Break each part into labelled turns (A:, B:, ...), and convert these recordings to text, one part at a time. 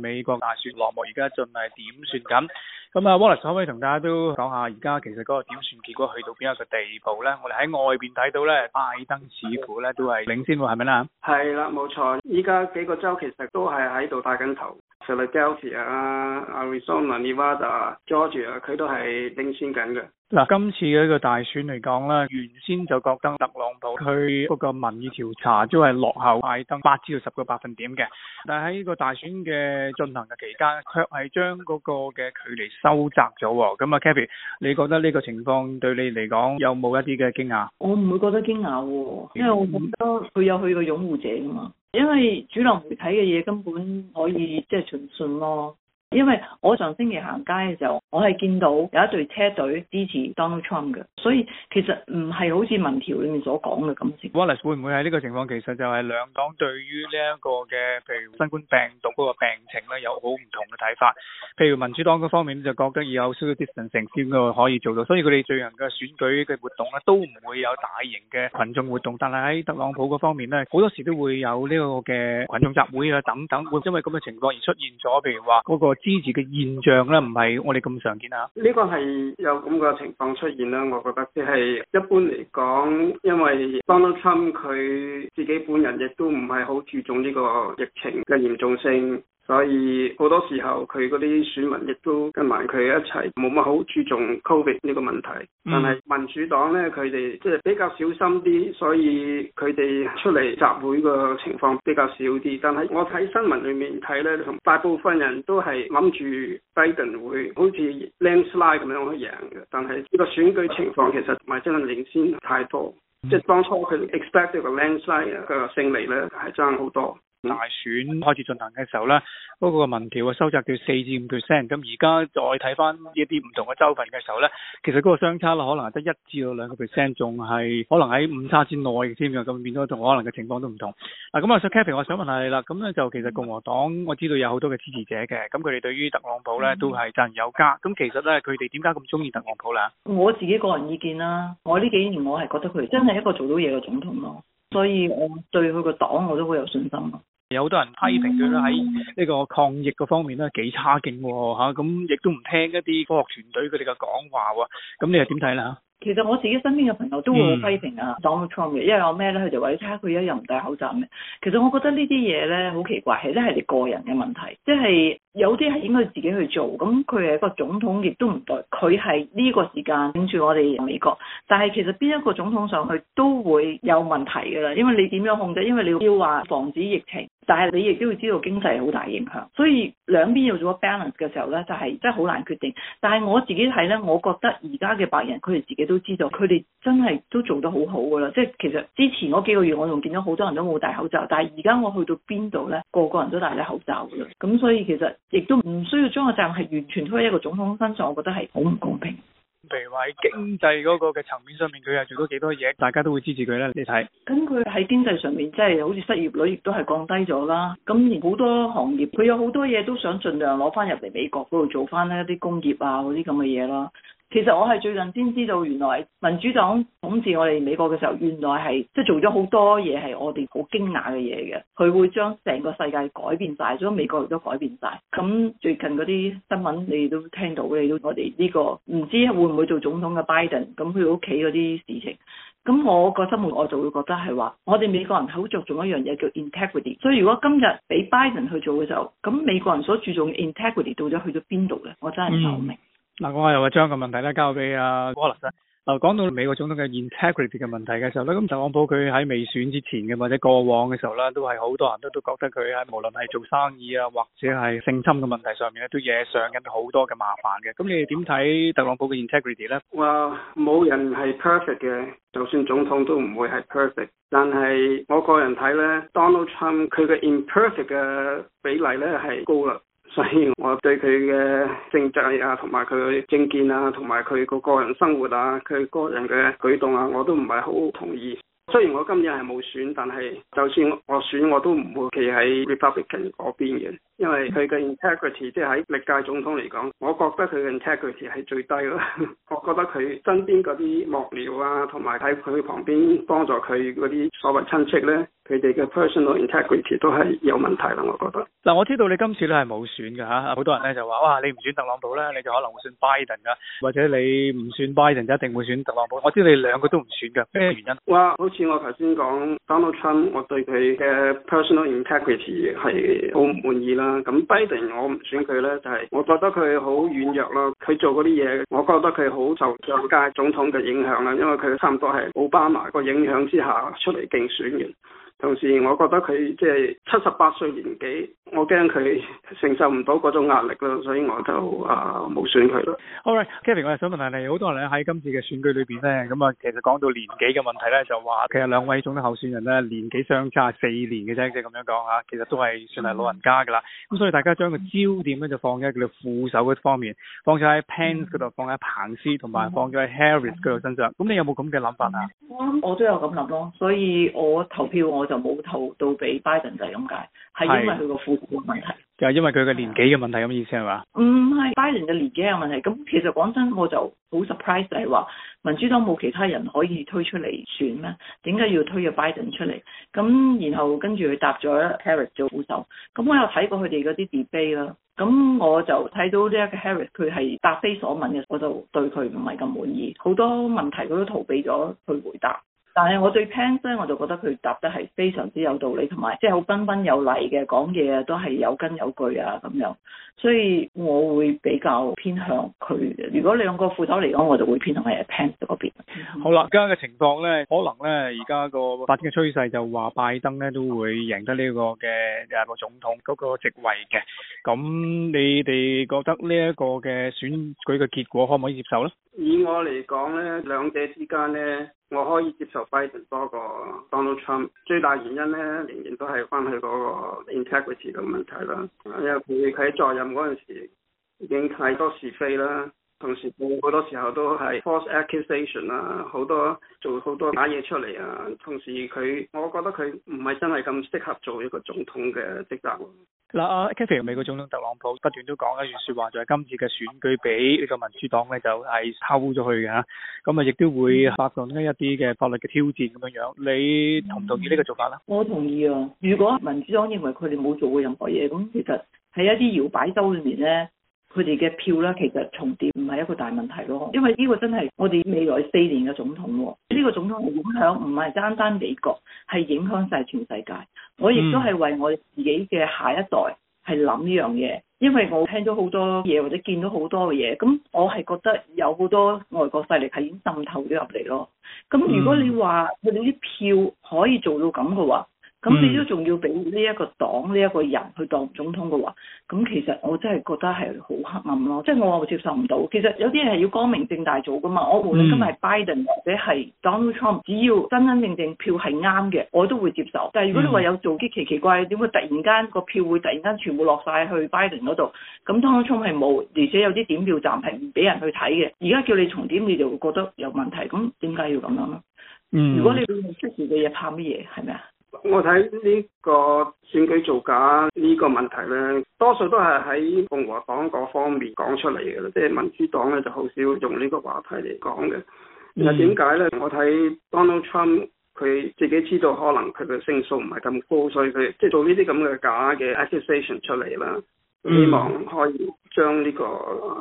A: 美國大選落幕，而家盡係點算緊？咁啊，Wallace 可唔可以同大家都講下，而家其實嗰個點選結果去到邊一個地步咧？我哋喺外邊睇到咧，拜登似乎咧都係領先喎，係咪啦？
B: 係啦，冇錯，依家幾個州其實都係喺度帶緊頭。就係 g e l r i a 啊、ia, Arizona、Nevada、Georgia 啊，佢都係領先緊嘅。
A: 嗱，今次嘅一個大選嚟講咧，原先就覺得特朗普佢嗰個民意調查都係落後拜登八至到十個百分點嘅。但係喺呢個大選嘅進行嘅期間，卻係將嗰個嘅距離收窄咗。咁啊，Kathy，你覺得呢個情況對你嚟講有冇一啲嘅驚訝？
C: 我唔會覺得驚訝喎，因為我覺得佢有佢嘅擁護者㗎嘛。因為主流媒體嘅嘢根本可以即係盡信咯。因為我上星期行街嘅時候，我係見到有一隊車隊支持 Donald Trump 嘅，所以其實唔係好似民調裡面所講嘅咁。Wallace 會唔會喺呢個情況？其實就係兩
A: 黨對於呢一個嘅，譬如新冠病毒嗰個病情咧，有好唔同嘅睇法。譬如民主黨嗰方面就覺得要有少少 social distancing 先可以做到，所以佢哋最近嘅選舉嘅活動咧，都唔會有大型嘅群眾活動。但係喺特朗普嗰方面咧，好多時都會有呢個嘅群眾集會啊等等，會因為咁嘅情況而出現咗，譬如話嗰、那個支持嘅現象咧，唔係我哋咁常見
B: 啊！呢個係有咁嘅情況出現啦，我覺得即係一般嚟講，因為 Donald Trump 佢自己本人亦都唔係好注重呢個疫情嘅嚴重性。所以好多時候佢嗰啲選民亦都跟埋佢一齊冇乜好注重 COVID 呢個問題，嗯、但係民主黨咧，佢哋即係比較小心啲，所以佢哋出嚟集會個情況比較少啲。但係我睇新聞裏面睇咧，同大部分人都係諗住拜登會好似 landslide 咁樣去贏嘅。但係呢個選舉情況其實唔係真係領先太多，即係、嗯、當初佢 expect 呢個 landslide 嘅勝利咧係爭好多。
A: 大選開始進行嘅時候咧，嗰個民調啊，收窄掉四至五 percent。咁而家再
B: 睇翻一啲唔同嘅州份嘅時候呢，
A: 其實嗰個相差啦，可能係得一至到兩個 percent，仲係可能喺誤差之內嘅添。咁變咗同可能嘅情況都唔同。咁啊 Sir Cathy，我想問下你啦。咁呢就其實共和黨我知道有好多嘅支持者嘅，咁佢哋對於特朗普呢都係讚有加。咁其實呢，佢哋點解咁中意特朗普呢？
C: 我自己個人意見啦，我呢幾年我係覺得佢真係一個做到嘢嘅總統咯，所以我對佢個黨我都好有信心。
A: 有好多人批評佢咧，喺呢個抗疫個方面咧幾差勁喎，吓？咁、啊、亦都唔聽一啲科學團隊佢哋嘅講話。咁、
C: 啊、你又點睇咧？其實我自己身邊嘅朋友都會批評啊，Donald Trump 嘅，因為我咩咧？佢就話你睇下，佢一日唔戴口罩咩？其實我覺得呢啲嘢咧，好奇怪，其實係你個人嘅問題，即係有啲係應該自己去做。咁佢係一個總統，亦都唔代，佢係呢個時間頂住我哋美國。但係其實邊一個總統上去都會有問題噶啦，因為你點樣控制？因為你要話防止疫情。但係你亦都會知道經濟好大影響，所以兩邊要做 balance 嘅時候呢，就係、是、真係好難決定。但係我自己睇呢，我覺得而家嘅白人佢哋自己都知道，佢哋真係都做得好好㗎喇。即係其實之前嗰幾個月我仲見到好多人都冇戴口罩，但係而家我去到邊度呢，個個人都戴咗口罩㗎喇。咁所以其實亦都唔需要將個責任係完全推喺一個總統身上，我覺得係好唔公平。譬
A: 如話喺經濟嗰個嘅層面上面，佢又做咗幾多嘢，大家都會支持佢咧。你睇，
C: 咁佢喺經濟上面即係、就是、好似失業率亦都係降低咗啦。咁好多行業，佢有好多嘢都想盡量攞翻入嚟美國嗰度做翻一啲工業啊嗰啲咁嘅嘢咯。其實我係最近先知道，原來民主黨統治我哋美國嘅時候，原來係即係做咗好多嘢係我哋好驚訝嘅嘢嘅。佢會將成個世界改變晒，將美國亦都改變晒。咁最近嗰啲新聞你都聽到嘅，你都我哋呢個唔知會唔會做總統嘅 Biden，咁佢屋企嗰啲事情，咁我個心目我就會覺得係話，我哋美國人好着重一樣嘢叫 integrity。所以如果今日俾 Biden 去做嘅時候，咁美國人所注重 integrity 到咗去咗邊度咧？我真係唔係好明。嗯。
A: 嗱、啊，我又話將個問題咧交俾阿 Wallace。嗱、啊 Wall 啊啊，講到美國總統嘅 integrity 嘅問題嘅時候咧，咁特朗普佢喺未選之前嘅或者過往嘅時候咧，都係好多人都都覺得佢喺無論係做生意啊，或者係性侵嘅問題
B: 上面咧，都惹上緊好多嘅麻煩嘅。咁
A: 你哋點睇特朗普嘅
B: integrity 咧？哇，冇人係 perfect 嘅，就算總統都唔會係 perfect。但係我個人睇咧，Donald Trump 佢嘅 imperfect 嘅比例咧係高啦。所以我對佢嘅政制啊，同埋佢嘅政見啊，同埋佢個個人生活啊，佢個人嘅舉動啊，我都唔係好同意。雖然我今日係冇選，但係就算我選，我都唔會企喺 Republican 嗰邊嘅。因為佢嘅 integrity 即係喺歷屆總統嚟講，我覺得佢嘅 integrity 係最低咯、 啊。我覺得佢身邊嗰啲幕僚啊，同埋喺佢旁邊幫助佢嗰啲所謂親戚咧，佢哋嘅 personal integrity 都係有問題啦。我覺得
A: 嗱，我知道你今次咧係冇選㗎吓，好多人咧就話：哇，你唔選特朗普咧，你就可能會選拜登㗎；
B: 或者你唔
A: 選拜登就一定會選特朗普。我知你兩個都唔選㗎，咩原因？
B: 哇！好似我頭先講 Donald Trump，我對佢嘅 personal integrity 係好唔滿意啦。咁，Biden 我唔選佢呢，就係、是、我覺得佢好軟弱咯。佢做嗰啲嘢，我覺得佢好受上屆總統嘅影響啦，因為佢差唔多係奧巴馬個影響之下出嚟競選嘅。同時，我覺得佢即係七十八歲年紀，我驚佢承受唔到嗰種壓力咯，所以我就啊冇、呃、選佢
A: 咯。All right，Kevin，我想問下你，好多人喺今次嘅選舉裏邊咧，咁啊，其實講到年紀嘅問題咧，就話其實兩位總統候選人咧年紀相差四年嘅啫，即係咁樣講嚇，其實都係算係老人家噶啦。咁所以大家將個焦點咧就放喺佢哋副手嗰方面，放咗喺 Pence 嗰度、嗯，放喺彭斯，同埋放咗喺 Harris 嗰度身上。咁你有冇咁嘅諗法啊？我我都有咁
C: 諗咯，所以我投票我。就冇套到俾拜登就
A: 係
C: 咁
A: 解，係因為佢個副手嘅問題，就係因為佢嘅年紀嘅問題，咁意思
C: 係嘛？唔係拜登嘅年紀係問題，咁、啊、其實講真我就好 surprise 係話，民主黨冇其他人可以推出嚟選咩？點解要推咗 Biden 出嚟？咁然後跟住佢搭咗 Harris 做副手，咁我有睇過佢哋嗰啲 debate 啦，咁我就睇到呢一個 Harris 佢係答非所問嘅，我就對佢唔係咁滿意，好多問題佢都逃避咗去回答。但係我對 Pence 咧，我就覺得佢答得係非常之有道理，同埋即係好彬彬有禮嘅，講嘢啊都係有根有據啊咁樣，所以我會比較偏向佢。如果兩個副手嚟講，我就會偏向係 Pence 嗰邊。
A: 好啦，嗯，而家嘅情況咧，可能咧而家個發展嘅趨勢就話拜登咧都會贏得呢個嘅誒個總統嗰個職位嘅。咁你哋覺得呢一個嘅選舉嘅結果可唔可以接受咧？
B: 以我嚟講咧，兩者之間咧。我可以接受拜登多過 Donald Trump，最大原因咧，仍然都係翻去嗰個 integrity 嘅問題啦。因為佢喺在任嗰陣時，已經太多是非啦。同時，冇好多時候都係 false accusation 啦，好多做好多假嘢出嚟啊！同時，佢我覺得佢唔係真係咁適合做一個總統嘅職責。
A: 嗱，阿 Kevin 美國總統特朗普不斷都講一句説話，就係今次嘅選舉俾呢個民主黨咧就係、是、偷咗佢嘅嚇，咁啊亦都會發動呢一啲嘅法律嘅挑戰咁樣樣。你同唔同意呢
C: 個做法咧？我同意啊！如果民主黨認為佢哋冇做過任何嘢，咁其實喺一啲搖擺州裏面咧。佢哋嘅票咧，其實重疊唔係一個大問題咯，因為呢個真係我哋未來四年嘅總統，呢、這個總統係影響唔係單單美國，係影響晒全世界。我亦都係為我自己嘅下一代係諗呢樣嘢，因為我聽咗好多嘢，或者見到好多嘅嘢，咁我係覺得有好多外國勢力係已經滲透咗入嚟咯。咁如果你話，佢哋啲票可以做到咁嘅話。咁、嗯、你都仲要俾呢一個黨呢一個人去當總統嘅話，咁其實我真係覺得係好黑暗咯。即、就、係、是、我接受唔到。其實有啲人係要光明正大做噶嘛。我無論今日係 Biden 或者係 Donald Trump，只要真真正正票係啱嘅，我都會接受。但係如果你話有做啲奇奇怪嘅，點會突然間個票會突然間全部落晒去 Biden 嗰度？咁 Donald Trump 係冇，而且有啲點票站係唔俾人去睇嘅。而家叫你重點，你就會覺得有問題。咁點解要咁樣咧？嗯、如果你用出事嘅嘢，怕乜嘢係咪啊？
B: 我睇呢個選舉造假呢個問題咧，多數都係喺共和黨嗰方面講出嚟嘅啦，即係民主黨咧就好少用呢個話題嚟講嘅。其實點解咧？我睇 Donald Trump 佢自己知道可能佢嘅勝數唔係咁高，所以佢即係做呢啲咁嘅假嘅 accusation 出嚟啦，希望可以將呢個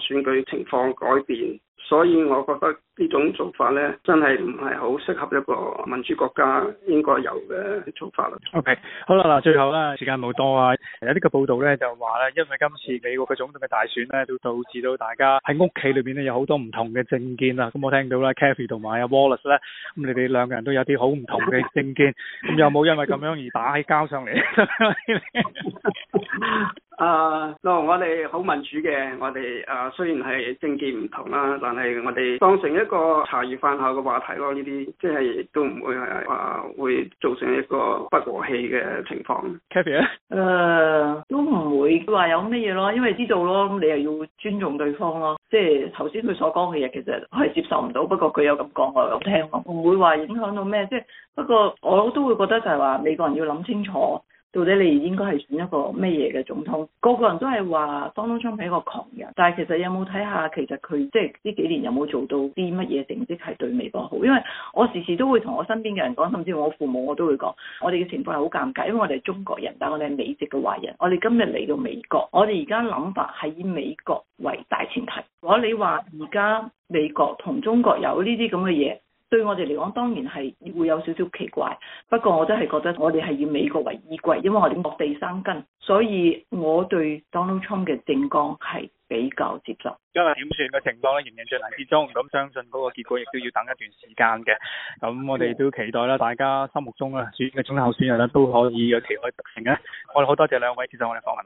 B: 選舉情況改變。所以我覺得呢種做法呢，真係唔係好適合一個民主國家應該有嘅做法啦。
A: OK，好啦，嗱，最後啦，時間冇多啊。有啲嘅報導呢，就
B: 話呢，因為今
A: 次美國嘅總統嘅大選呢，都導致到大家喺屋企裏邊呢，有好多唔同嘅政見啊。咁我聽到啦，Kathy 同埋阿 Wallace 呢，咁你哋兩個人都有啲好唔同嘅政見，咁 有冇因為咁樣而打起交上嚟？
B: 啊，嗱，我哋好民主嘅，我哋啊，雖然係政見唔同啦，但係我哋當成一個茶餘飯後嘅話題咯，呢啲即係都唔會係話會造成一個
C: 不和氣嘅情況。Kathy 誒，都唔會話有咩嘢咯，因為知道咯，咁你又要尊重對方咯，即係頭先佢所講嘅嘢，其實係接受唔到，不過佢有咁講，我有咁聽，唔會話影響到咩，即係不過我都會覺得就係話美國人要諗清楚。到底你應該係選一個咩嘢嘅總統？個個人都係話，特朗普係一個狂人，但係其實有冇睇下，其實佢即係呢幾年有冇做到啲乜嘢成績係對美國好？因為我時時都會同我身邊嘅人講，甚至我父母我都會講，我哋嘅情況係好尷尬，因為我哋係中國人，但係我哋係美籍嘅華人。我哋今日嚟到美國，我哋而家諗法係以美國為大前提。如果你話而家美國同中國有呢啲咁嘅嘢。對我哋嚟講，當然係會有少少奇怪，不過我真係覺得我哋係以美國為依歸，因為我哋落地生根，所以我對 Donald Trump 嘅政綱係比較接受。
A: 因為點算嘅情況咧仍然在難之中，咁相信嗰個結果亦都要等一段時間嘅。咁我哋都期待啦，大家心目中啊選嘅總候選人咧都可以旗開得勝嘅。我哋好多謝兩位接受我哋訪問。